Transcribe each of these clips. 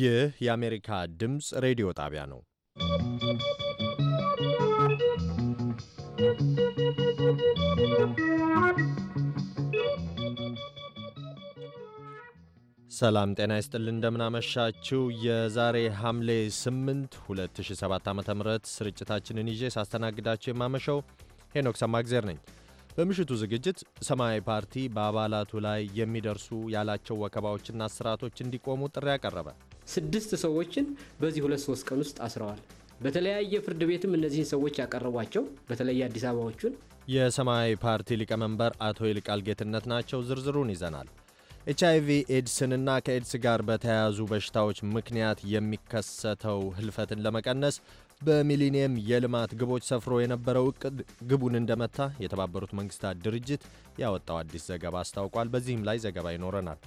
ይህ የአሜሪካ ድምፅ ሬዲዮ ጣቢያ ነው። ሰላም ጤና ይስጥል። እንደምናመሻችው የዛሬ ሐምሌ 8 2007 ዓ ም ስርጭታችንን ይዤ ሳስተናግዳችሁ የማመሸው ሄኖክ ሰማግዜር ነኝ። በምሽቱ ዝግጅት ሰማያዊ ፓርቲ በአባላቱ ላይ የሚደርሱ ያላቸው ወከባዎችና ስርዓቶች እንዲቆሙ ጥሪ ያቀረበ ስድስት ሰዎችን በዚህ ሁለት ሶስት ቀን ውስጥ አስረዋል። በተለያየ ፍርድ ቤትም እነዚህን ሰዎች ያቀረቧቸው በተለይ አዲስ አበባዎቹን የሰማያዊ ፓርቲ ሊቀመንበር አቶ ይልቃል ጌትነት ናቸው። ዝርዝሩን ይዘናል። ኤች አይቪ ኤድስንና ከኤድስ ጋር በተያያዙ በሽታዎች ምክንያት የሚከሰተው ህልፈትን ለመቀነስ በሚሊኒየም የልማት ግቦች ሰፍሮ የነበረው እቅድ ግቡን እንደመታ የተባበሩት መንግስታት ድርጅት ያወጣው አዲስ ዘገባ አስታውቋል። በዚህም ላይ ዘገባ ይኖረናል።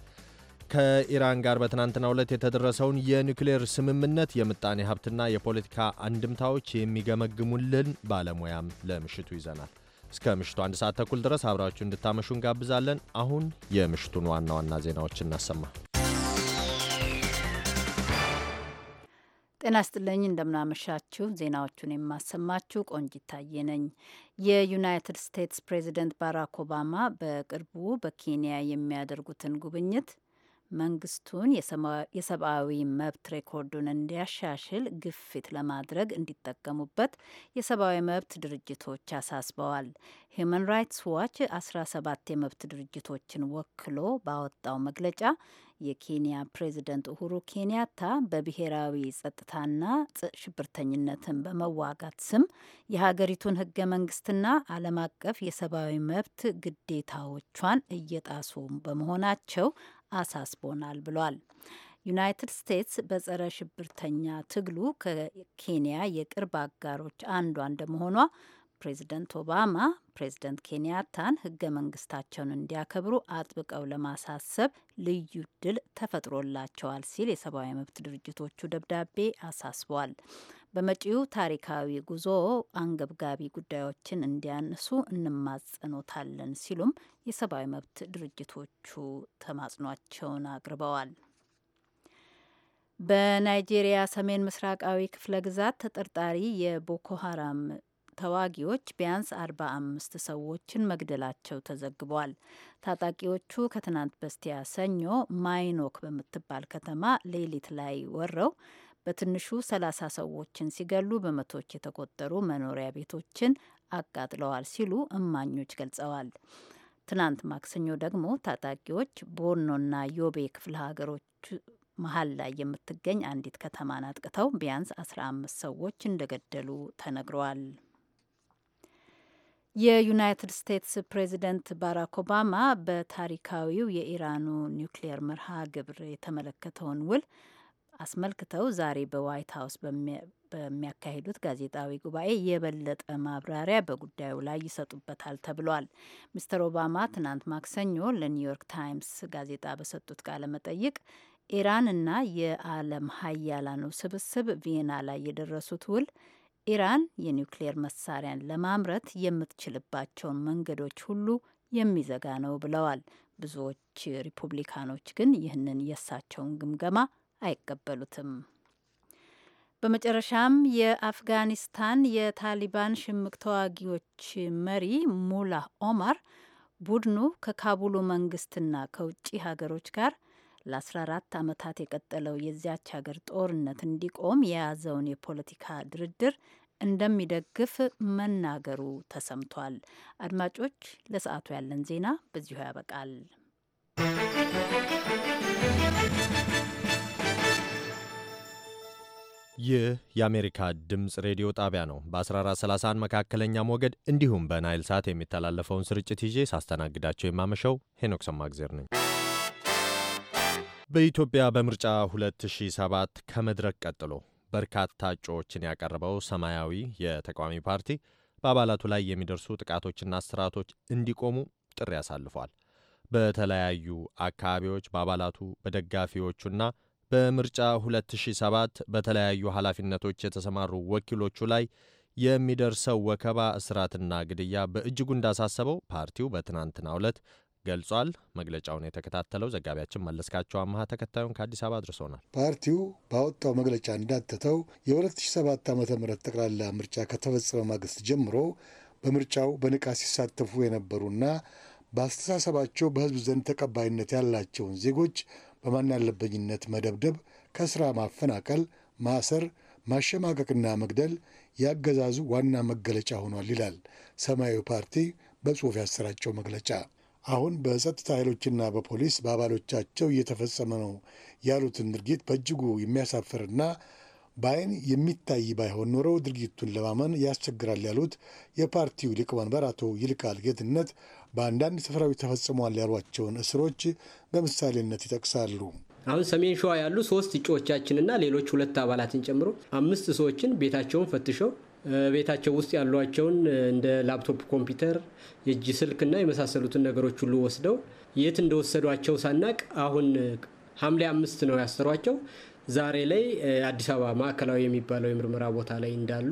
ከኢራን ጋር በትናንትናው ዕለት የተደረሰውን የኒውክሌር ስምምነት የምጣኔ ሀብትና የፖለቲካ አንድምታዎች የሚገመግሙልን ባለሙያም ለምሽቱ ይዘናል። እስከ ምሽቱ አንድ ሰዓት ተኩል ድረስ አብራችሁ እንድታመሹ እንጋብዛለን። አሁን የምሽቱን ዋና ዋና ዜናዎች እናሰማ። ጤና ይስጥልኝ እንደምናመሻችሁ። ዜናዎቹን የማሰማችሁ ቆንጅ ታዬ ነኝ። የዩናይትድ ስቴትስ ፕሬዚደንት ባራክ ኦባማ በቅርቡ በኬንያ የሚያደርጉትን ጉብኝት መንግስቱን የሰብአዊ መብት ሬኮርዱን እንዲያሻሽል ግፊት ለማድረግ እንዲጠቀሙበት የሰብአዊ መብት ድርጅቶች አሳስበዋል። ሂዩማን ራይትስ ዋች 17 የመብት ድርጅቶችን ወክሎ ባወጣው መግለጫ የኬንያ ፕሬዚደንት ኡሁሩ ኬንያታ በብሔራዊ ጸጥታና ሽብርተኝነትን በመዋጋት ስም የሀገሪቱን ህገ መንግስትና ዓለም አቀፍ የሰብአዊ መብት ግዴታዎቿን እየጣሱ በመሆናቸው አሳስቦናል ብሏል። ዩናይትድ ስቴትስ በጸረ ሽብርተኛ ትግሉ ከኬንያ የቅርብ አጋሮች አንዷ እንደመሆኗ ፕሬዚደንት ኦባማ ፕሬዚደንት ኬንያታን ህገ መንግስታቸውን እንዲያከብሩ አጥብቀው ለማሳሰብ ልዩ ድል ተፈጥሮላቸዋል ሲል የሰብአዊ መብት ድርጅቶቹ ደብዳቤ አሳስቧል። በመጪው ታሪካዊ ጉዞ አንገብጋቢ ጉዳዮችን እንዲያነሱ እንማጸኖታለን ሲሉም የሰብአዊ መብት ድርጅቶቹ ተማጽኗቸውን አቅርበዋል። በናይጄሪያ ሰሜን ምስራቃዊ ክፍለ ግዛት ተጠርጣሪ የቦኮ ሀራም ተዋጊዎች ቢያንስ አርባ አምስት ሰዎችን መግደላቸው ተዘግቧል። ታጣቂዎቹ ከትናንት በስቲያ ሰኞ ማይኖክ በምትባል ከተማ ሌሊት ላይ ወረው በትንሹ ሰላሳ ሰዎችን ሲገሉ በመቶዎች የተቆጠሩ መኖሪያ ቤቶችን አቃጥለዋል ሲሉ እማኞች ገልጸዋል። ትናንት ማክሰኞ ደግሞ ታጣቂዎች ቦርኖና ዮቤ ክፍለ ሀገሮች መሀል ላይ የምትገኝ አንዲት ከተማን አጥቅተው ቢያንስ አምስት ሰዎች እንደገደሉ ተነግረዋል። የዩናይትድ ስቴትስ ፕሬዚደንት ባራክ ኦባማ በታሪካዊው የኢራኑ ኒውክሌየር መርሃ ግብር የተመለከተውን ውል አስመልክተው ዛሬ በዋይት ሀውስ በሚያካሂዱት ጋዜጣዊ ጉባኤ የበለጠ ማብራሪያ በጉዳዩ ላይ ይሰጡበታል ተብሏል። ሚስተር ኦባማ ትናንት ማክሰኞ ለኒውዮርክ ታይምስ ጋዜጣ በሰጡት ቃለ መጠይቅ ኢራንና የዓለም ሀያላኑ ስብስብ ቪየና ላይ የደረሱት ውል ኢራን የኒውክሌር መሳሪያን ለማምረት የምትችልባቸውን መንገዶች ሁሉ የሚዘጋ ነው ብለዋል። ብዙዎች ሪፑብሊካኖች ግን ይህንን የእሳቸውን ግምገማ አይቀበሉትም። በመጨረሻም የአፍጋኒስታን የታሊባን ሽምቅ ተዋጊዎች መሪ ሙላህ ኦማር ቡድኑ ከካቡሉ መንግስትና ከውጭ ሀገሮች ጋር ለ14 ዓመታት የቀጠለው የዚያች ሀገር ጦርነት እንዲቆም የያዘውን የፖለቲካ ድርድር እንደሚደግፍ መናገሩ ተሰምቷል። አድማጮች፣ ለሰዓቱ ያለን ዜና በዚሁ ያበቃል። ይህ የአሜሪካ ድምፅ ሬዲዮ ጣቢያ ነው። በ1431 መካከለኛ ሞገድ እንዲሁም በናይል ሳት የሚተላለፈውን ስርጭት ይዤ ሳስተናግዳቸው የማመሸው ሄኖክ ሰማግዜር ነኝ። በኢትዮጵያ በምርጫ 2007 ከመድረክ ቀጥሎ በርካታ እጩዎችን ያቀረበው ሰማያዊ የተቃዋሚ ፓርቲ በአባላቱ ላይ የሚደርሱ ጥቃቶችና ስርዓቶች እንዲቆሙ ጥሪ አሳልፏል። በተለያዩ አካባቢዎች በአባላቱ በደጋፊዎቹና በምርጫ 2007 በተለያዩ ኃላፊነቶች የተሰማሩ ወኪሎቹ ላይ የሚደርሰው ወከባ፣ እስራትና ግድያ በእጅጉ እንዳሳሰበው ፓርቲው በትናንትናው ዕለት ገልጿል። መግለጫውን የተከታተለው ዘጋቢያችን መለስካቸው አመሀ ተከታዩን ከአዲስ አበባ አድርሶናል። ፓርቲው ባወጣው መግለጫ እንዳተተው የ2007 ዓ ም ጠቅላላ ምርጫ ከተፈጸመ ማግስት ጀምሮ በምርጫው በንቃት ሲሳተፉ የነበሩና በአስተሳሰባቸው በህዝብ ዘንድ ተቀባይነት ያላቸውን ዜጎች በማን ያለበኝነት መደብደብ፣ ከስራ ማፈናቀል፣ ማሰር፣ ማሸማቀቅና መግደል የአገዛዙ ዋና መገለጫ ሆኗል ይላል ሰማያዊ ፓርቲ በጽሑፍ ያሰራጨው መግለጫ። አሁን በጸጥታ ኃይሎችና በፖሊስ በአባሎቻቸው እየተፈጸመ ነው ያሉትን ድርጊት በእጅጉ የሚያሳፍርና በአይን የሚታይ ባይሆን ኖሮ ድርጊቱን ለማመን ያስቸግራል ያሉት የፓርቲው ሊቀመንበር አቶ ይልቃል ጌትነት በአንዳንድ ስፍራዎች ተፈጽሟል ያሏቸውን እስሮች በምሳሌነት ይጠቅሳሉ። አሁን ሰሜን ሸዋ ያሉ ሶስት እጩዎቻችንና ሌሎች ሁለት አባላትን ጨምሮ አምስት ሰዎችን ቤታቸውን ፈትሸው ቤታቸው ውስጥ ያሏቸውን እንደ ላፕቶፕ ኮምፒውተር፣ የእጅ እና የመሳሰሉትን ነገሮች ሁሉ ወስደው የት እንደወሰዷቸው ሳናቅ አሁን ሐምሌ አምስት ነው ያሰሯቸው። ዛሬ ላይ አዲስ አበባ ማዕከላዊ የሚባለው የምርመራ ቦታ ላይ እንዳሉ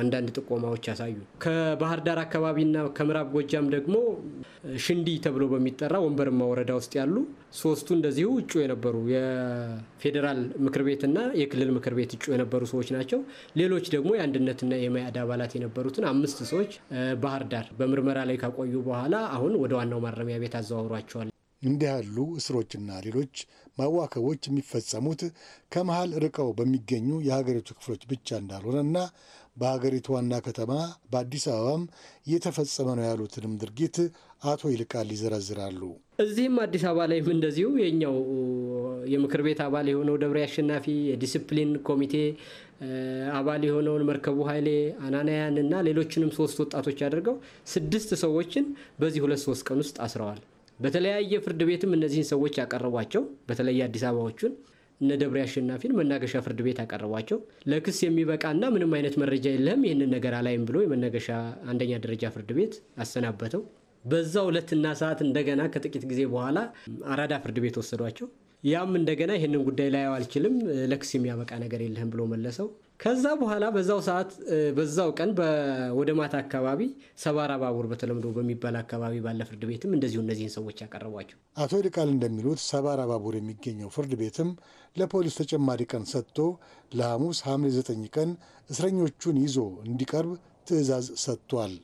አንዳንድ ጥቆማዎች ያሳዩ። ከባህር ዳር አካባቢና ከምዕራብ ጎጃም ደግሞ ሽንዲ ተብሎ በሚጠራ ወንበርማ ወረዳ ውስጥ ያሉ ሶስቱ እንደዚሁ እጩ የነበሩ የፌዴራል ምክር ቤትና የክልል ምክር ቤት እጩ የነበሩ ሰዎች ናቸው። ሌሎች ደግሞ የአንድነትና የመያድ አባላት የነበሩትን አምስት ሰዎች ባህር ዳር በምርመራ ላይ ካቆዩ በኋላ አሁን ወደ ዋናው ማረሚያ ቤት አዘዋውሯቸዋል። እንዲህ ያሉ እስሮችና ሌሎች ማዋከቦች የሚፈጸሙት ከመሃል ርቀው በሚገኙ የሀገሪቱ ክፍሎች ብቻ እንዳልሆነና በሀገሪቱ ዋና ከተማ በአዲስ አበባም እየተፈጸመ ነው ያሉትንም ድርጊት አቶ ይልቃል ይዘረዝራሉ። እዚህም አዲስ አበባ ላይም እንደዚሁ የኛው የምክር ቤት አባል የሆነው ደብሬ አሸናፊ የዲስፕሊን ኮሚቴ አባል የሆነውን መርከቡ ኃይሌ አናናያን እና ሌሎችንም ሶስት ወጣቶች አድርገው ስድስት ሰዎችን በዚህ ሁለት ሶስት ቀን ውስጥ አስረዋል። በተለያየ ፍርድ ቤትም እነዚህን ሰዎች ያቀረቧቸው በተለይ አዲስ አበባዎቹን እነ ደብሬ አሸናፊን መናገሻ ፍርድ ቤት ያቀረቧቸው ለክስ የሚበቃና ምንም አይነት መረጃ የለህም ይህንን ነገር አላይም ብሎ የመናገሻ አንደኛ ደረጃ ፍርድ ቤት አሰናበተው። በዛ ሁለትና ሰዓት እንደገና ከጥቂት ጊዜ በኋላ አራዳ ፍርድ ቤት ወሰዷቸው። ያም እንደገና ይህንን ጉዳይ ላየው አልችልም፣ ለክስ የሚያበቃ ነገር የለህም ብሎ መለሰው። ከዛ በኋላ በዛው ሰዓት በዛው ቀን ወደ ማታ አካባቢ ሰባራ ባቡር በተለምዶ በሚባል አካባቢ ባለ ፍርድ ቤትም እንደዚሁ እነዚህን ሰዎች ያቀረቧቸው። አቶ ይልቃል እንደሚሉት ሰባራ ባቡር የሚገኘው ፍርድ ቤትም ለፖሊስ ተጨማሪ ቀን ሰጥቶ ለሐሙስ ሐምሌ 9 ቀን እስረኞቹን ይዞ እንዲቀርብ ትዕዛዝ ሰጥቷል።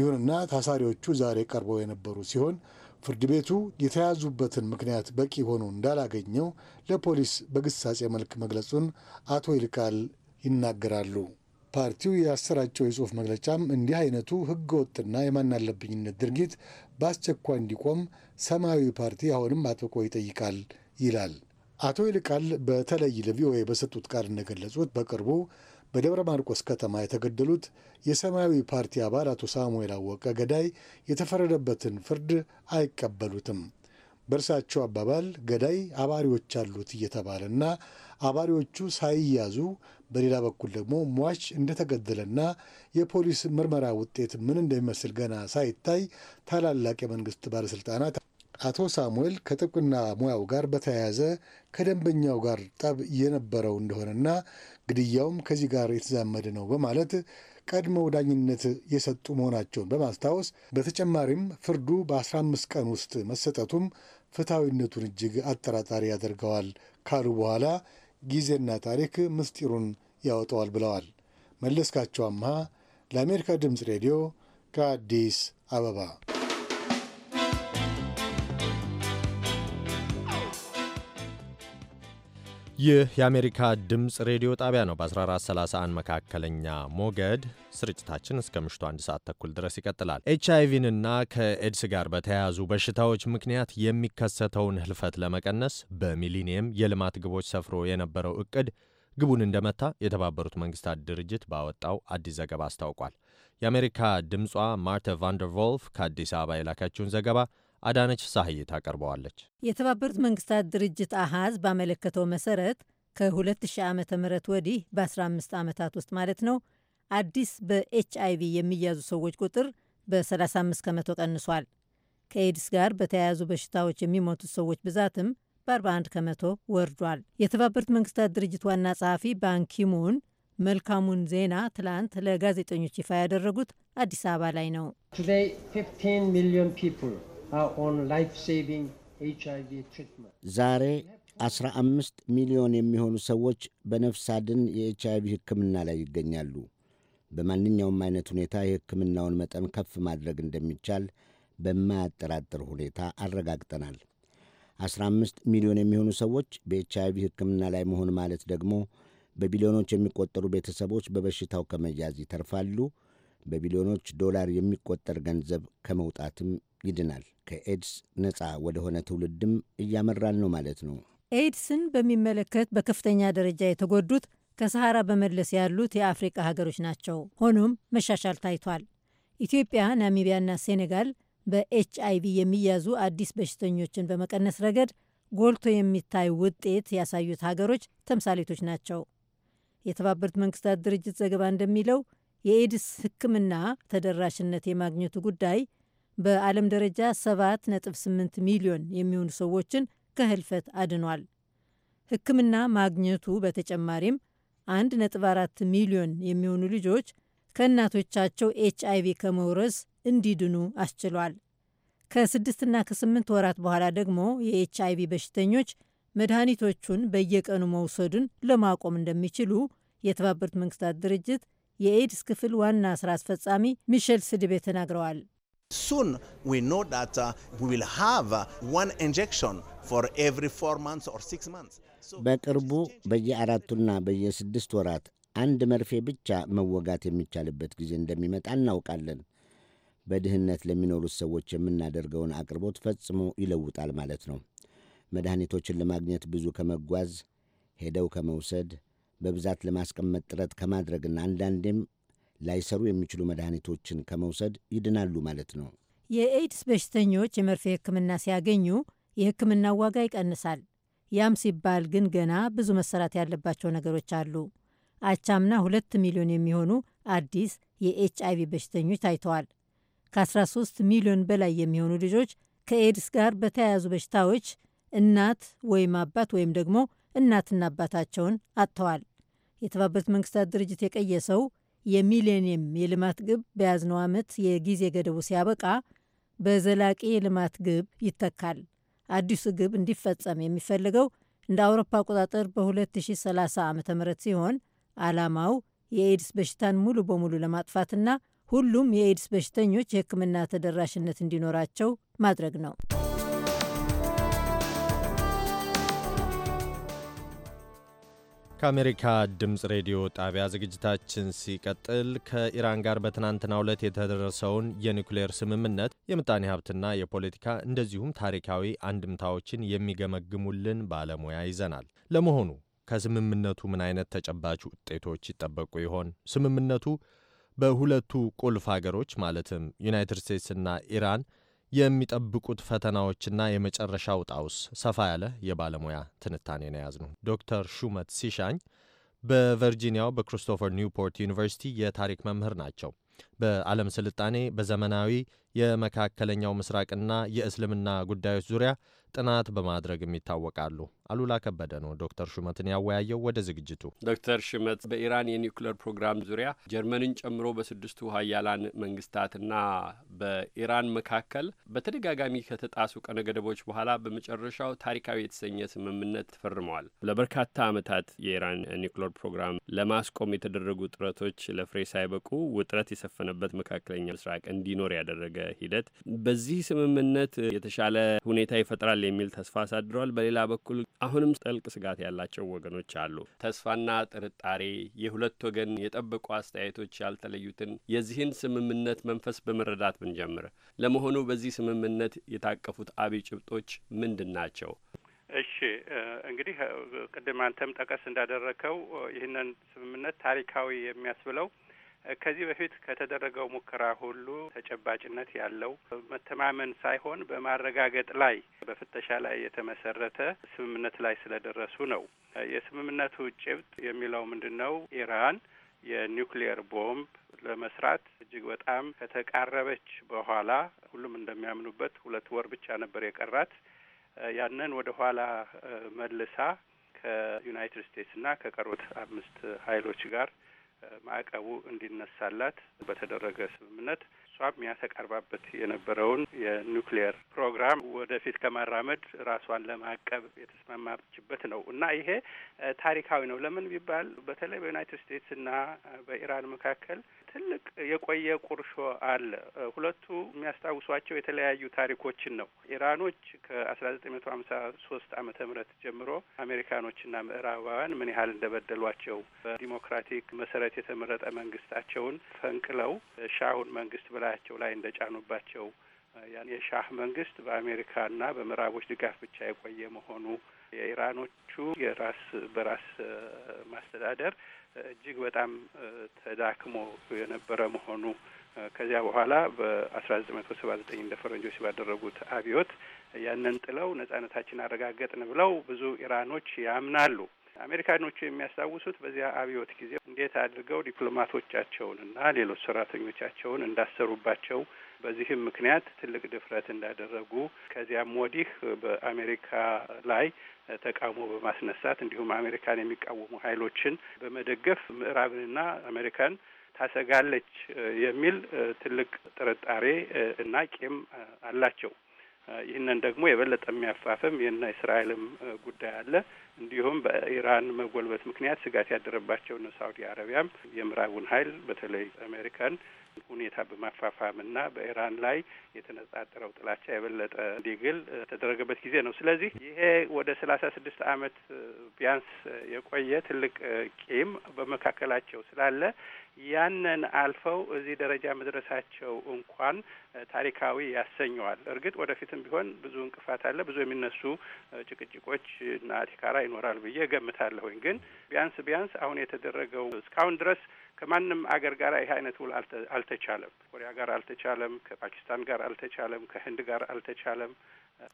ይሁንና ታሳሪዎቹ ዛሬ ቀርበው የነበሩ ሲሆን ፍርድ ቤቱ የተያዙበትን ምክንያት በቂ ሆኖ እንዳላገኘው ለፖሊስ በግሳጼ መልክ መግለጹን አቶ ይልቃል ይናገራሉ። ፓርቲው ያሰራጨው የጽሑፍ መግለጫም እንዲህ አይነቱ ህገወጥና የማናለብኝነት ድርጊት በአስቸኳይ እንዲቆም ሰማያዊ ፓርቲ አሁንም አጥብቆ ይጠይቃል ይላል። አቶ ይልቃል በተለይ ለቪኦኤ በሰጡት ቃል እንደገለጹት በቅርቡ በደብረ ማርቆስ ከተማ የተገደሉት የሰማያዊ ፓርቲ አባል አቶ ሳሙኤል አወቀ ገዳይ የተፈረደበትን ፍርድ አይቀበሉትም። በእርሳቸው አባባል ገዳይ አባሪዎች አሉት እየተባለና አባሪዎቹ ሳይያዙ በሌላ በኩል ደግሞ ሟች እንደተገደለና የፖሊስ ምርመራ ውጤት ምን እንደሚመስል ገና ሳይታይ ታላላቅ የመንግስት ባለስልጣናት አቶ ሳሙኤል ከጥብቅና ሙያው ጋር በተያያዘ ከደንበኛው ጋር ጠብ የነበረው እንደሆነና ግድያውም ከዚህ ጋር የተዛመደ ነው በማለት ቀድመው ዳኝነት የሰጡ መሆናቸውን በማስታወስ በተጨማሪም ፍርዱ በ15 ቀን ውስጥ መሰጠቱም ፍትሐዊነቱን እጅግ አጠራጣሪ ያደርገዋል ካሉ በኋላ ጊዜና ታሪክ ምስጢሩን ያወጣዋል ብለዋል። መለስካቸው አምሃ ለአሜሪካ ድምፅ ሬዲዮ ከአዲስ አበባ ይህ የአሜሪካ ድምፅ ሬዲዮ ጣቢያ ነው። በ1431 መካከለኛ ሞገድ ስርጭታችን እስከ ምሽቱ አንድ ሰዓት ተኩል ድረስ ይቀጥላል። ኤች አይቪንና ከኤድስ ጋር በተያያዙ በሽታዎች ምክንያት የሚከሰተውን ህልፈት ለመቀነስ በሚሊኒየም የልማት ግቦች ሰፍሮ የነበረው እቅድ ግቡን እንደመታ የተባበሩት መንግስታት ድርጅት ባወጣው አዲስ ዘገባ አስታውቋል። የአሜሪካ ድምጿ ማርተ ቮልፍ ከአዲስ አበባ የላካችውን ዘገባ አዳነች ሳህይ ታቀርበዋለች። የተባበሩት መንግስታት ድርጅት አሃዝ ባመለከተው መሰረት ከ2000 ዓ ም ወዲህ በ15 ዓመታት ውስጥ ማለት ነው አዲስ በኤች አይቪ የሚያዙ ሰዎች ቁጥር በ35 ከመቶ ቀንሷል። ከኤድስ ጋር በተያያዙ በሽታዎች የሚሞቱት ሰዎች ብዛትም በ41 ከመቶ ወርዷል። የተባበሩት መንግስታት ድርጅት ዋና ጸሐፊ ባንኪሙን መልካሙን ዜና ትላንት ለጋዜጠኞች ይፋ ያደረጉት አዲስ አበባ ላይ ነው። Uh, ዛሬ 15 ሚሊዮን የሚሆኑ ሰዎች በነፍስ አድን የኤች ቪ ሕክምና ላይ ይገኛሉ። በማንኛውም አይነት ሁኔታ የሕክምናውን መጠን ከፍ ማድረግ እንደሚቻል በማያጠራጥር ሁኔታ አረጋግጠናል። 15 ሚሊዮን የሚሆኑ ሰዎች በኤች አይቪ ሕክምና ላይ መሆን ማለት ደግሞ በቢሊዮኖች የሚቆጠሩ ቤተሰቦች በበሽታው ከመያዝ ይተርፋሉ። በቢሊዮኖች ዶላር የሚቆጠር ገንዘብ ከመውጣትም ይድናል። ከኤድስ ነፃ ወደሆነ ትውልድም እያመራን ነው ማለት ነው። ኤድስን በሚመለከት በከፍተኛ ደረጃ የተጎዱት ከሰሃራ በመለስ ያሉት የአፍሪቃ ሀገሮች ናቸው። ሆኖም መሻሻል ታይቷል። ኢትዮጵያ፣ ናሚቢያና ሴኔጋል በኤች አይቪ የሚያዙ አዲስ በሽተኞችን በመቀነስ ረገድ ጎልቶ የሚታይ ውጤት ያሳዩት ሀገሮች ተምሳሌቶች ናቸው። የተባበሩት መንግስታት ድርጅት ዘገባ እንደሚለው የኤድስ ሕክምና ተደራሽነት የማግኘቱ ጉዳይ በዓለም ደረጃ 7.8 ሚሊዮን የሚሆኑ ሰዎችን ከህልፈት አድኗል። ሕክምና ማግኘቱ በተጨማሪም 1.4 ሚሊዮን የሚሆኑ ልጆች ከእናቶቻቸው ኤች አይቪ ከመውረስ እንዲድኑ አስችሏል። ከስድስትና ከስምንት ወራት በኋላ ደግሞ የኤች አይቪ በሽተኞች መድኃኒቶቹን በየቀኑ መውሰዱን ለማቆም እንደሚችሉ የተባበሩት መንግስታት ድርጅት የኤድስ ክፍል ዋና ስራ አስፈጻሚ ሚሸል ስድቤ ተናግረዋል። Soon we know that uh, we will have uh, one injection for every four months or six months. በቅርቡ በየአራቱና በየስድስት ወራት አንድ መርፌ ብቻ መወጋት የሚቻልበት ጊዜ እንደሚመጣ እናውቃለን። በድህነት ለሚኖሩት ሰዎች የምናደርገውን አቅርቦት ፈጽሞ ይለውጣል ማለት ነው። መድኃኒቶችን ለማግኘት ብዙ ከመጓዝ ሄደው ከመውሰድ በብዛት ለማስቀመጥ ጥረት ከማድረግና አንዳንዴም ላይሰሩ የሚችሉ መድኃኒቶችን ከመውሰድ ይድናሉ ማለት ነው። የኤድስ በሽተኞች የመርፌ ሕክምና ሲያገኙ የህክምና ዋጋ ይቀንሳል። ያም ሲባል ግን ገና ብዙ መሰራት ያለባቸው ነገሮች አሉ። አቻምና ሁለት ሚሊዮን የሚሆኑ አዲስ የኤች አይቪ በሽተኞች ታይተዋል። ከ13 ሚሊዮን በላይ የሚሆኑ ልጆች ከኤድስ ጋር በተያያዙ በሽታዎች እናት ወይም አባት ወይም ደግሞ እናትና አባታቸውን አጥተዋል። የተባበሩት መንግስታት ድርጅት የቀየሰው የሚሌኒየም የልማት ግብ በያዝነው ዓመት የጊዜ ገደቡ ሲያበቃ በዘላቂ የልማት ግብ ይተካል። አዲሱ ግብ እንዲፈጸም የሚፈልገው እንደ አውሮፓ አቆጣጠር በ2030 ዓ ም ሲሆን ዓላማው የኤድስ በሽታን ሙሉ በሙሉ ለማጥፋትና ሁሉም የኤድስ በሽተኞች የሕክምና ተደራሽነት እንዲኖራቸው ማድረግ ነው። ከአሜሪካ ድምፅ ሬዲዮ ጣቢያ ዝግጅታችን ሲቀጥል ከኢራን ጋር በትናንትናው ዕለት የተደረሰውን የኒውክሌር ስምምነት የምጣኔ ሀብትና የፖለቲካ እንደዚሁም ታሪካዊ አንድምታዎችን የሚገመግሙልን ባለሙያ ይዘናል። ለመሆኑ ከስምምነቱ ምን አይነት ተጨባጭ ውጤቶች ይጠበቁ ይሆን? ስምምነቱ በሁለቱ ቁልፍ አገሮች ማለትም ዩናይትድ ስቴትስና ኢራን የሚጠብቁት ፈተናዎችና የመጨረሻ ውጣውስ ሰፋ ያለ የባለሙያ ትንታኔ ያዝ ነው። ዶክተር ሹመት ሲሻኝ በቨርጂኒያው በክሪስቶፈር ኒውፖርት ዩኒቨርሲቲ የታሪክ መምህር ናቸው። በዓለም ስልጣኔ በዘመናዊ የመካከለኛው ምስራቅና የእስልምና ጉዳዮች ዙሪያ ጥናት በማድረግም ይታወቃሉ። አሉላ ከበደ ነው ዶክተር ሹመትን ያወያየው። ወደ ዝግጅቱ ዶክተር ሹመት በኢራን የኒውክሌር ፕሮግራም ዙሪያ ጀርመንን ጨምሮ በስድስቱ ሀያላን መንግስታትና በኢራን መካከል በተደጋጋሚ ከተጣሱ ቀነ ገደቦች በኋላ በመጨረሻው ታሪካዊ የተሰኘ ስምምነት ተፈርመዋል። ለበርካታ ዓመታት የኢራን ኒውክሌር ፕሮግራም ለማስቆም የተደረጉ ጥረቶች ለፍሬ ሳይበቁ ውጥረት የሰፈነበት መካከለኛ ምስራቅ እንዲኖር ያደረገ ሂደት በዚህ ስምምነት የተሻለ ሁኔታ ይፈጥራል የሚል ተስፋ አሳድረዋል። በሌላ በኩል አሁንም ጥልቅ ስጋት ያላቸው ወገኖች አሉ። ተስፋና ጥርጣሬ የሁለት ወገን የጠበቁ አስተያየቶች ያልተለዩትን የዚህን ስምምነት መንፈስ በመረዳት ብንጀምር፣ ለመሆኑ በዚህ ስምምነት የታቀፉት አብይ ጭብጦች ምንድን ናቸው? እሺ እንግዲህ ቅድም አንተም ጠቀስ እንዳደረከው ይህንን ስምምነት ታሪካዊ የሚያስብለው ከዚህ በፊት ከተደረገው ሙከራ ሁሉ ተጨባጭነት ያለው መተማመን ሳይሆን በማረጋገጥ ላይ በፍተሻ ላይ የተመሰረተ ስምምነት ላይ ስለደረሱ ነው። የስምምነቱ ጭብጥ የሚለው ምንድን ነው? ኢራን የኒውክሊየር ቦምብ ለመስራት እጅግ በጣም ከተቃረበች በኋላ ሁሉም እንደሚያምኑበት ሁለት ወር ብቻ ነበር የቀራት። ያንን ወደ ኋላ መልሳ ከዩናይትድ ስቴትስና ከቀሩት አምስት ኃይሎች ጋር ማዕቀቡ እንዲነሳላት በተደረገ ስምምነት እሷም ያ የነበረውን የኒውክሊየር ፕሮግራም ወደፊት ከማራመድ ራሷን ለማዕቀብ የተስማማችበት ነው እና ይሄ ታሪካዊ ነው። ለምን ቢባል በተለይ በዩናይትድ ስቴትስ እና በኢራን መካከል ትልቅ የቆየ ቁርሾ አለ። ሁለቱ የሚያስታውሷቸው የተለያዩ ታሪኮችን ነው። ኢራኖች ከአስራ ዘጠኝ መቶ ሀምሳ ሶስት አመተ ምህረት ጀምሮ አሜሪካኖችና ምዕራባውያን ምን ያህል እንደበደሏቸው በዲሞክራቲክ መሰረት የተመረጠ መንግስታቸውን ፈንቅለው ሻሁን መንግስት በላያቸው ላይ እንደጫኑባቸው ያን የሻህ መንግስት በአሜሪካና በምዕራቦች ድጋፍ ብቻ የቆየ መሆኑ የኢራኖቹ የራስ በራስ ማስተዳደር እጅግ በጣም ተዳክሞ የነበረ መሆኑ ከዚያ በኋላ በአስራ ዘጠኝ መቶ ሰባ ዘጠኝ እንደ ፈረንጆች ባደረጉት አብዮት ያንን ጥለው ነጻነታችን አረጋገጥን ብለው ብዙ ኢራኖች ያምናሉ። አሜሪካኖቹ የሚያስታውሱት በዚያ አብዮት ጊዜ እንዴት አድርገው ዲፕሎማቶቻቸውንና ሌሎች ሰራተኞቻቸውን እንዳሰሩባቸው በዚህም ምክንያት ትልቅ ድፍረት እንዳደረጉ ከዚያም ወዲህ በአሜሪካ ላይ ተቃውሞ በማስነሳት እንዲሁም አሜሪካን የሚቃወሙ ኃይሎችን በመደገፍ ምዕራብንና አሜሪካን ታሰጋለች የሚል ትልቅ ጥርጣሬ እና ቂም አላቸው። ይህንን ደግሞ የበለጠ የሚያፋፍም የእነ እስራኤልም ጉዳይ አለ። እንዲሁም በኢራን መጎልበት ምክንያት ስጋት ያደረባቸው እነ አረቢያም የምዕራቡን ኃይል በተለይ አሜሪካን ሁኔታ በማፋፋምና በኢራን ላይ የተነጣጠረው ጥላቻ የበለጠ እንዲግል ተደረገበት ጊዜ ነው። ስለዚህ ይሄ ወደ ሰላሳ ስድስት አመት ቢያንስ የቆየ ትልቅ ቂም በመካከላቸው ስላለ ያንን አልፈው እዚህ ደረጃ መድረሳቸው እንኳን ታሪካዊ ያሰኘዋል። እርግጥ ወደፊትም ቢሆን ብዙ እንቅፋት አለ፣ ብዙ የሚነሱ ጭቅጭቆች እና ቲካራ ይኖራል ብዬ እገምታለሁኝ። ግን ቢያንስ ቢያንስ አሁን የተደረገው እስካሁን ድረስ ከማንም አገር ጋር ይህ አይነት ውል አልተቻለም። ኮሪያ ጋር አልተቻለም፣ ከፓኪስታን ጋር አልተቻለም፣ ከህንድ ጋር አልተቻለም።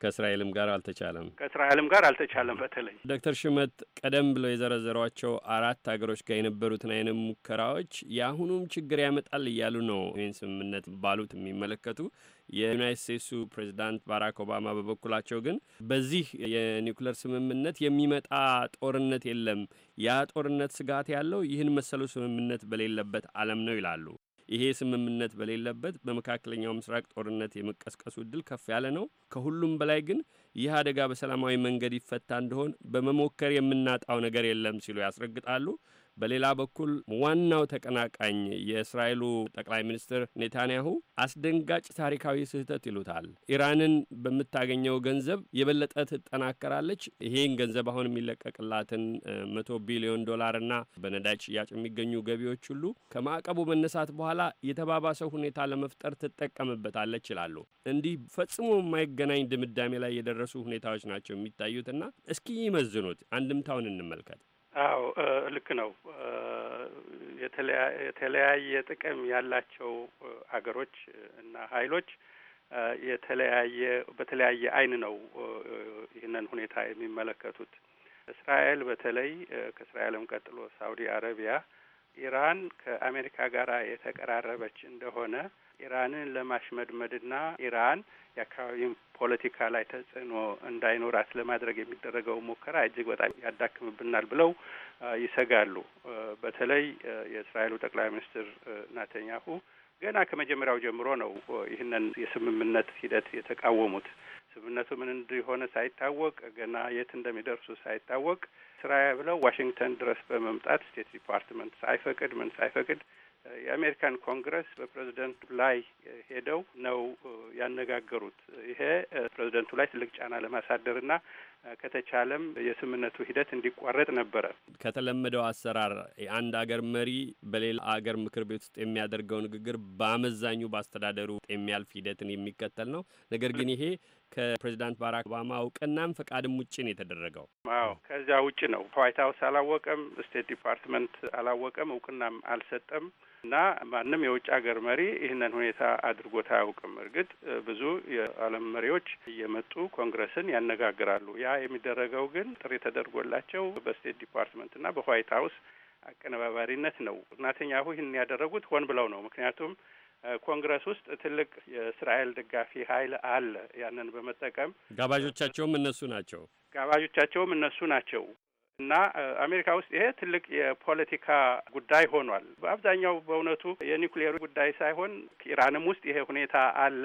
ከእስራኤልም ጋር አልተቻለም። ከእስራኤልም ጋር አልተቻለም። በተለይ ዶክተር ሽመት ቀደም ብለው የዘረዘሯቸው አራት ሀገሮች ጋር የነበሩትን አይነት ሙከራዎች የአሁኑም ችግር ያመጣል እያሉ ነው ይህን ስምምነት ባሉት የሚመለከቱ የዩናይት ስቴትሱ ፕሬዚዳንት ባራክ ኦባማ በበኩላቸው ግን በዚህ የኒውክለር ስምምነት የሚመጣ ጦርነት የለም፣ ያ ጦርነት ስጋት ያለው ይህን መሰሉ ስምምነት በሌለበት ዓለም ነው ይላሉ። ይሄ ስምምነት በሌለበት በመካከለኛው ምስራቅ ጦርነት የመቀስቀሱ እድል ከፍ ያለ ነው። ከሁሉም በላይ ግን ይህ አደጋ በሰላማዊ መንገድ ይፈታ እንደሆን በመሞከር የምናጣው ነገር የለም ሲሉ ያስረግጣሉ። በሌላ በኩል ዋናው ተቀናቃኝ የእስራኤሉ ጠቅላይ ሚኒስትር ኔታንያሁ አስደንጋጭ ታሪካዊ ስህተት ይሉታል። ኢራንን በምታገኘው ገንዘብ የበለጠ ትጠናከራለች። ይሄን ገንዘብ አሁን የሚለቀቅላትን መቶ ቢሊዮን ዶላርና በነዳጅ ሽያጭ የሚገኙ ገቢዎች ሁሉ ከማዕቀቡ መነሳት በኋላ የተባባሰው ሁኔታ ለመፍጠር ትጠቀምበታለች ይላሉ። እንዲህ ፈጽሞ የማይገናኝ ድምዳሜ ላይ የደረሱ ሁኔታዎች ናቸው የሚታዩትና እስኪ ይመዝኑት፣ አንድምታውን እንመልከት። አዎ ልክ ነው። የተለያየ ጥቅም ያላቸው አገሮች እና ኃይሎች የተለያየ በተለያየ አይን ነው ይህንን ሁኔታ የሚመለከቱት። እስራኤል በተለይ ከእስራኤልም ቀጥሎ ሳውዲ አረቢያ ኢራን ከአሜሪካ ጋር የተቀራረበች እንደሆነ ኢራንን ለማሽመድመድና ኢራን የአካባቢውን ፖለቲካ ላይ ተጽዕኖ እንዳይኖራት ለማድረግ የሚደረገው ሙከራ እጅግ በጣም ያዳክምብናል ብለው ይሰጋሉ። በተለይ የእስራኤሉ ጠቅላይ ሚኒስትር ናተኛሁ ገና ከመጀመሪያው ጀምሮ ነው ይህንን የስምምነት ሂደት የተቃወሙት። ስምምነቱ ምን እንደሆነ ሳይታወቅ ገና የት እንደሚደርሱ ሳይታወቅ ስራ ብለው ዋሽንግተን ድረስ በመምጣት ስቴት ዲፓርትመንት ሳይፈቅድ ምን ሳይፈቅድ የአሜሪካን ኮንግረስ በፕሬዝደንቱ ላይ ሄደው ነው ያነጋገሩት። ይሄ ፕሬዝደንቱ ላይ ትልቅ ጫና ለማሳደርና ከተቻለም የስምምነቱ ሂደት እንዲቋረጥ ነበረ። ከተለመደው አሰራር የአንድ አገር መሪ በሌላ አገር ምክር ቤት ውስጥ የሚያደርገው ንግግር በአመዛኙ በአስተዳደሩ የሚያልፍ ሂደትን የሚከተል ነው። ነገር ግን ይሄ ከፕሬዚዳንት ባራክ ኦባማ እውቅናም ፈቃድም ውጭ ነው የተደረገው። አዎ ከዚያ ውጭ ነው። ዋይት ሀውስ አላወቀም፣ ስቴት ዲፓርትመንት አላወቀም፣ እውቅናም አልሰጠም። እና ማንም የውጭ ሀገር መሪ ይህንን ሁኔታ አድርጎት አያውቅም። እርግጥ ብዙ የዓለም መሪዎች እየመጡ ኮንግረስን ያነጋግራሉ። ያ የሚደረገው ግን ጥሪ ተደርጎላቸው በስቴት ዲፓርትመንትና በዋይት ሀውስ አቀነባባሪነት ነው። ሁ ይህን ያደረጉት ሆን ብለው ነው። ምክንያቱም ኮንግረስ ውስጥ ትልቅ የእስራኤል ደጋፊ ኃይል አለ። ያንን በመጠቀም ጋባዦቻቸውም እነሱ ናቸው። ጋባዦቻቸውም እነሱ ናቸው። እና አሜሪካ ውስጥ ይሄ ትልቅ የፖለቲካ ጉዳይ ሆኗል። በአብዛኛው በእውነቱ የኒውክሌሩ ጉዳይ ሳይሆን ኢራንም ውስጥ ይሄ ሁኔታ አለ።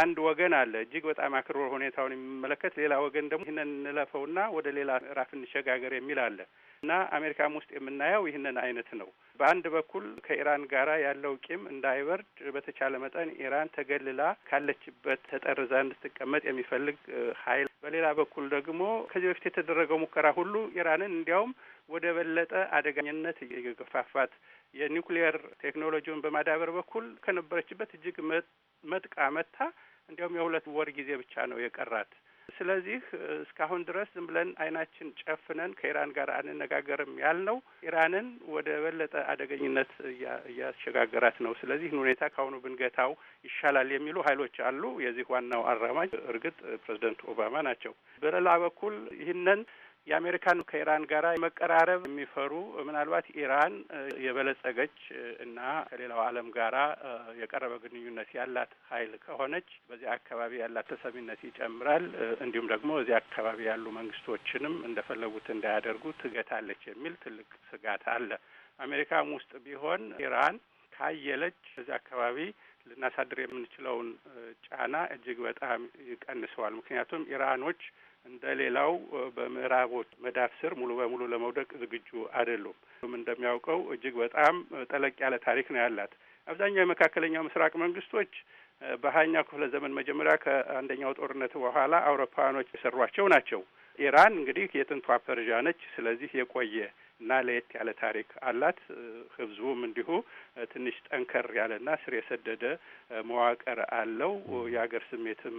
አንድ ወገን አለ እጅግ በጣም አክርሮ ሁኔታውን የሚመለከት፣ ሌላ ወገን ደግሞ ይህንን እንለፈውና ወደ ሌላ ምዕራፍ እንሸጋገር የሚል አለ እና አሜሪካም ውስጥ የምናየው ይህንን አይነት ነው። በአንድ በኩል ከኢራን ጋር ያለው ቂም እንዳይበርድ በተቻለ መጠን ኢራን ተገልላ ካለችበት ተጠርዛ እንድትቀመጥ የሚፈልግ ኃይል፣ በሌላ በኩል ደግሞ ከዚህ በፊት የተደረገው ሙከራ ሁሉ ኢራንን እንዲያውም ወደ በለጠ አደገኝነት የገፋፋት የኒውክሊየር ቴክኖሎጂውን በማዳበር በኩል ከነበረችበት እጅግ መጥቃ መታ እንዲያውም የሁለት ወር ጊዜ ብቻ ነው የቀራት። ስለዚህ እስካሁን ድረስ ዝም ብለን አይናችን ጨፍነን ከኢራን ጋር አንነጋገርም ያልነው ኢራንን ወደ በለጠ አደገኝነት እያሸጋገራት ነው። ስለዚህ ሁኔታ ከአሁኑ ብንገታው ይሻላል የሚሉ ሀይሎች አሉ። የዚህ ዋናው አራማጅ እርግጥ ፕሬዚደንት ኦባማ ናቸው። በሌላ በኩል ይህንን የአሜሪካን ከኢራን ጋራ መቀራረብ የሚፈሩ ምናልባት ኢራን የበለጸገች እና ከሌላው ዓለም ጋራ የቀረበ ግንኙነት ያላት ኃይል ከሆነች በዚያ አካባቢ ያላት ተሰሚነት ይጨምራል። እንዲሁም ደግሞ እዚያ አካባቢ ያሉ መንግስቶችንም እንደፈለጉት እንዳያደርጉ ትገታለች የሚል ትልቅ ስጋት አለ። አሜሪካም ውስጥ ቢሆን ኢራን ካየለች እዚያ አካባቢ ልናሳድር የምንችለውን ጫና እጅግ በጣም ይቀንሰዋል። ምክንያቱም ኢራኖች እንደ ሌላው በምዕራቦች መዳፍ ስር ሙሉ በሙሉ ለመውደቅ ዝግጁ አይደሉም። እንደሚያውቀው እጅግ በጣም ጠለቅ ያለ ታሪክ ነው ያላት። አብዛኛው የመካከለኛው ምስራቅ መንግስቶች በሀያኛው ክፍለ ዘመን መጀመሪያ ከአንደኛው ጦርነት በኋላ አውሮፓውያኖች የሰሯቸው ናቸው። ኢራን እንግዲህ የጥንቷ ፐርዣ ነች። ስለዚህ የቆየ እና ለየት ያለ ታሪክ አላት። ህዝቡም እንዲሁ ትንሽ ጠንከር ያለና ስር የሰደደ መዋቅር አለው። የሀገር ስሜትም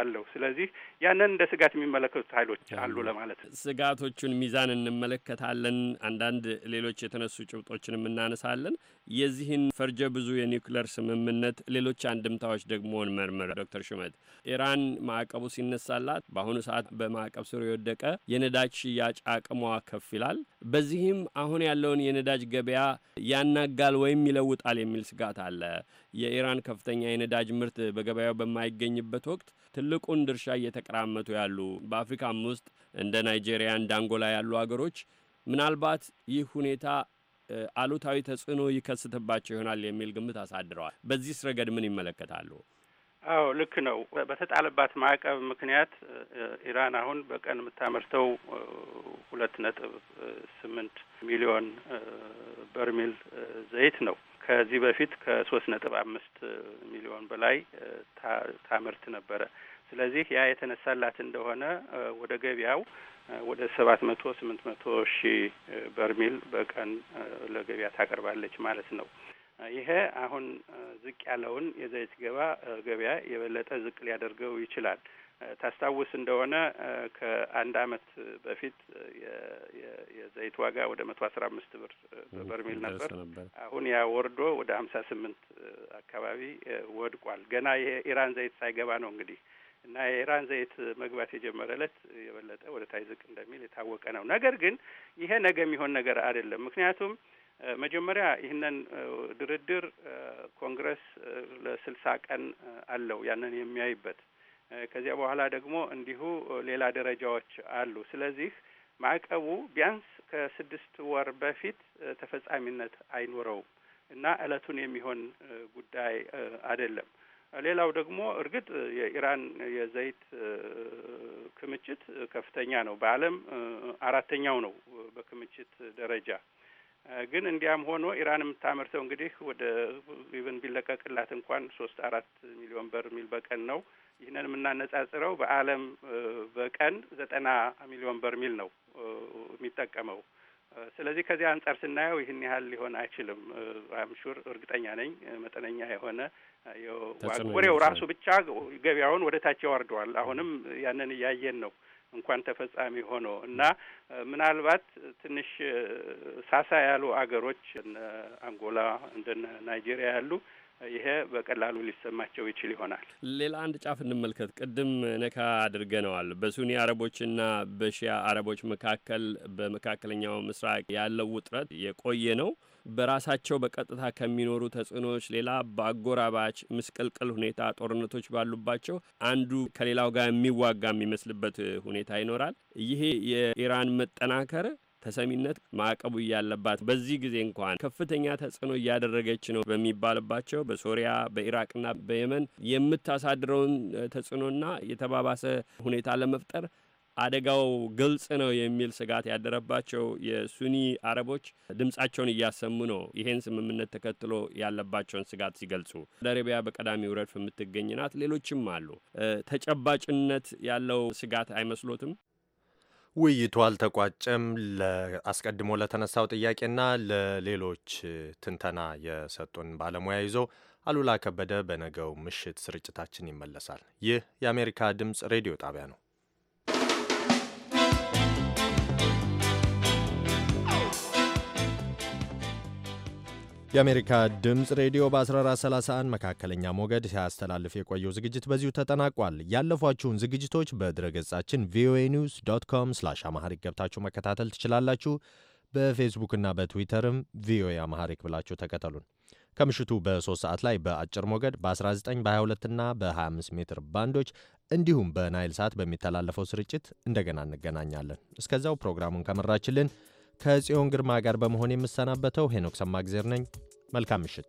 አለው። ስለዚህ ያንን እንደ ስጋት የሚመለከቱት ኃይሎች አሉ ለማለት ነው። ስጋቶቹን ሚዛን እንመለከታለን። አንዳንድ ሌሎች የተነሱ ጭብጦችንም እናነሳለን። የዚህን ፈርጀ ብዙ የኒውክሌር ስምምነት ሌሎች አንድምታዎች ደግሞ እንመርምር። ዶክተር ሹመት ኢራን ማዕቀቡ ሲነሳላት በአሁኑ ሰዓት በማዕቀብ ስር የወደቀ የነዳጅ ሽያጭ አቅሟ ከፍ ይላል። በዚህ በዚህም አሁን ያለውን የነዳጅ ገበያ ያናጋል ወይም ይለውጣል የሚል ስጋት አለ። የኢራን ከፍተኛ የነዳጅ ምርት በገበያው በማይገኝበት ወቅት ትልቁን ድርሻ እየተቀራመቱ ያሉ በአፍሪካም ውስጥ እንደ ናይጄሪያ፣ እንደ አንጎላ ያሉ አገሮች ምናልባት ይህ ሁኔታ አሉታዊ ተጽዕኖ ይከስትባቸው ይሆናል የሚል ግምት አሳድረዋል። በዚህ ረገድ ምን ይመለከታሉ? አዎ ልክ ነው። በተጣለባት ማዕቀብ ምክንያት ኢራን አሁን በቀን የምታመርተው ሁለት ነጥብ ስምንት ሚሊዮን በርሜል ዘይት ነው። ከዚህ በፊት ከሶስት ነጥብ አምስት ሚሊዮን በላይ ታመርት ነበረ። ስለዚህ ያ የተነሳላት እንደሆነ ወደ ገበያው ወደ ሰባት መቶ ስምንት መቶ ሺህ በርሜል በቀን ለገበያ ታቀርባለች ማለት ነው። ይሄ አሁን ዝቅ ያለውን የዘይት ገባ ገበያ የበለጠ ዝቅ ሊያደርገው ይችላል። ታስታውስ እንደሆነ ከአንድ አመት በፊት የዘይት ዋጋ ወደ መቶ አስራ አምስት ብር በበርሜል ነበር። አሁን ያ ወርዶ ወደ ሀምሳ ስምንት አካባቢ ወድቋል። ገና የኢራን ዘይት ሳይገባ ነው እንግዲህ እና የኢራን ዘይት መግባት የጀመረ ዕለት የበለጠ ወደ ታይ ዝቅ እንደሚል የታወቀ ነው። ነገር ግን ይሄ ነገ የሚሆን ነገር አይደለም። ምክንያቱም መጀመሪያ ይህንን ድርድር ኮንግረስ ለስልሳ ቀን አለው ያንን የሚያይበት። ከዚያ በኋላ ደግሞ እንዲሁ ሌላ ደረጃዎች አሉ። ስለዚህ ማዕቀቡ ቢያንስ ከስድስት ወር በፊት ተፈጻሚነት አይኖረውም እና እለቱን የሚሆን ጉዳይ አይደለም። ሌላው ደግሞ እርግጥ የኢራን የዘይት ክምችት ከፍተኛ ነው። በዓለም አራተኛው ነው በክምችት ደረጃ ግን እንዲያም ሆኖ ኢራን የምታመርተው እንግዲህ ወደ ኢቨን ቢለቀቅላት እንኳን ሶስት አራት ሚሊዮን የሚል በቀን ነው። ይህንን የምናነጻጽረው በዓለም በቀን ዘጠና ሚሊዮን በር ሚል ነው የሚጠቀመው። ስለዚህ ከዚህ አንጻር ስናየው ይህን ያህል ሊሆን አይችልም። አምሹር እርግጠኛ ነኝ መጠነኛ የሆነ ወሬው ራሱ ብቻ ገበያውን ወደ ታች ያወርደዋል። አሁንም ያንን እያየን ነው። እንኳን ተፈጻሚ ሆኖ እና ምናልባት ትንሽ ሳሳ ያሉ አገሮች እነ አንጎላ እንደ ናይጄሪያ ያሉ ይሄ በቀላሉ ሊሰማቸው ይችል ይሆናል። ሌላ አንድ ጫፍ እንመልከት። ቅድም ነካ አድርገነዋል። በሱኒ አረቦችና በሺያ አረቦች መካከል በመካከለኛው ምስራቅ ያለው ውጥረት የቆየ ነው። በራሳቸው በቀጥታ ከሚኖሩ ተጽዕኖዎች ሌላ በአጎራባች ምስቅልቅል ሁኔታ ጦርነቶች ባሉባቸው አንዱ ከሌላው ጋር የሚዋጋ የሚመስልበት ሁኔታ ይኖራል። ይሄ የኢራን መጠናከር ተሰሚነት ማዕቀቡ እያለባት በዚህ ጊዜ እንኳን ከፍተኛ ተጽዕኖ እያደረገች ነው በሚባልባቸው በሶሪያ በኢራቅና በየመን የምታሳድረውን ተጽዕኖና የተባባሰ ሁኔታ ለመፍጠር አደጋው ግልጽ ነው የሚል ስጋት ያደረባቸው የሱኒ አረቦች ድምጻቸውን እያሰሙ ነው። ይሄን ስምምነት ተከትሎ ያለባቸውን ስጋት ሲገልጹ ሳውዲ አረቢያ በቀዳሚው ረድፍ የምትገኝ ናት። ሌሎችም አሉ። ተጨባጭነት ያለው ስጋት አይመስሎትም? ውይይቱ አልተቋጨም። አስቀድሞ ለተነሳው ጥያቄና ለሌሎች ትንተና የሰጡን ባለሙያ ይዞ አሉላ ከበደ በነገው ምሽት ስርጭታችን ይመለሳል። ይህ የአሜሪካ ድምፅ ሬዲዮ ጣቢያ ነው። የአሜሪካ ድምፅ ሬዲዮ በ1431 መካከለኛ ሞገድ ሲያስተላልፍ የቆየው ዝግጅት በዚሁ ተጠናቋል። ያለፏችሁን ዝግጅቶች ገጻችን ቪኦኤ ኒውስ ዶት ኮም ስላሽ አማሐሪክ ገብታችሁ መከታተል ትችላላችሁ። በፌስቡክና በትዊተርም ቪኦኤ አማሐሪክ ብላችሁ ተከተሉን። ከምሽቱ በ በ3 ሰዓት ላይ በአጭር ሞገድ በ19 በ22ና በ25 ሜትር ባንዶች እንዲሁም በናይል ሰዓት በሚተላለፈው ስርጭት እንደገና እንገናኛለን። እስከዚያው ፕሮግራሙን ከመራችልን ከጽዮን ግርማ ጋር በመሆን የምሰናበተው ሄኖክ ሰማግዜር ነኝ። መልካም ምሽት።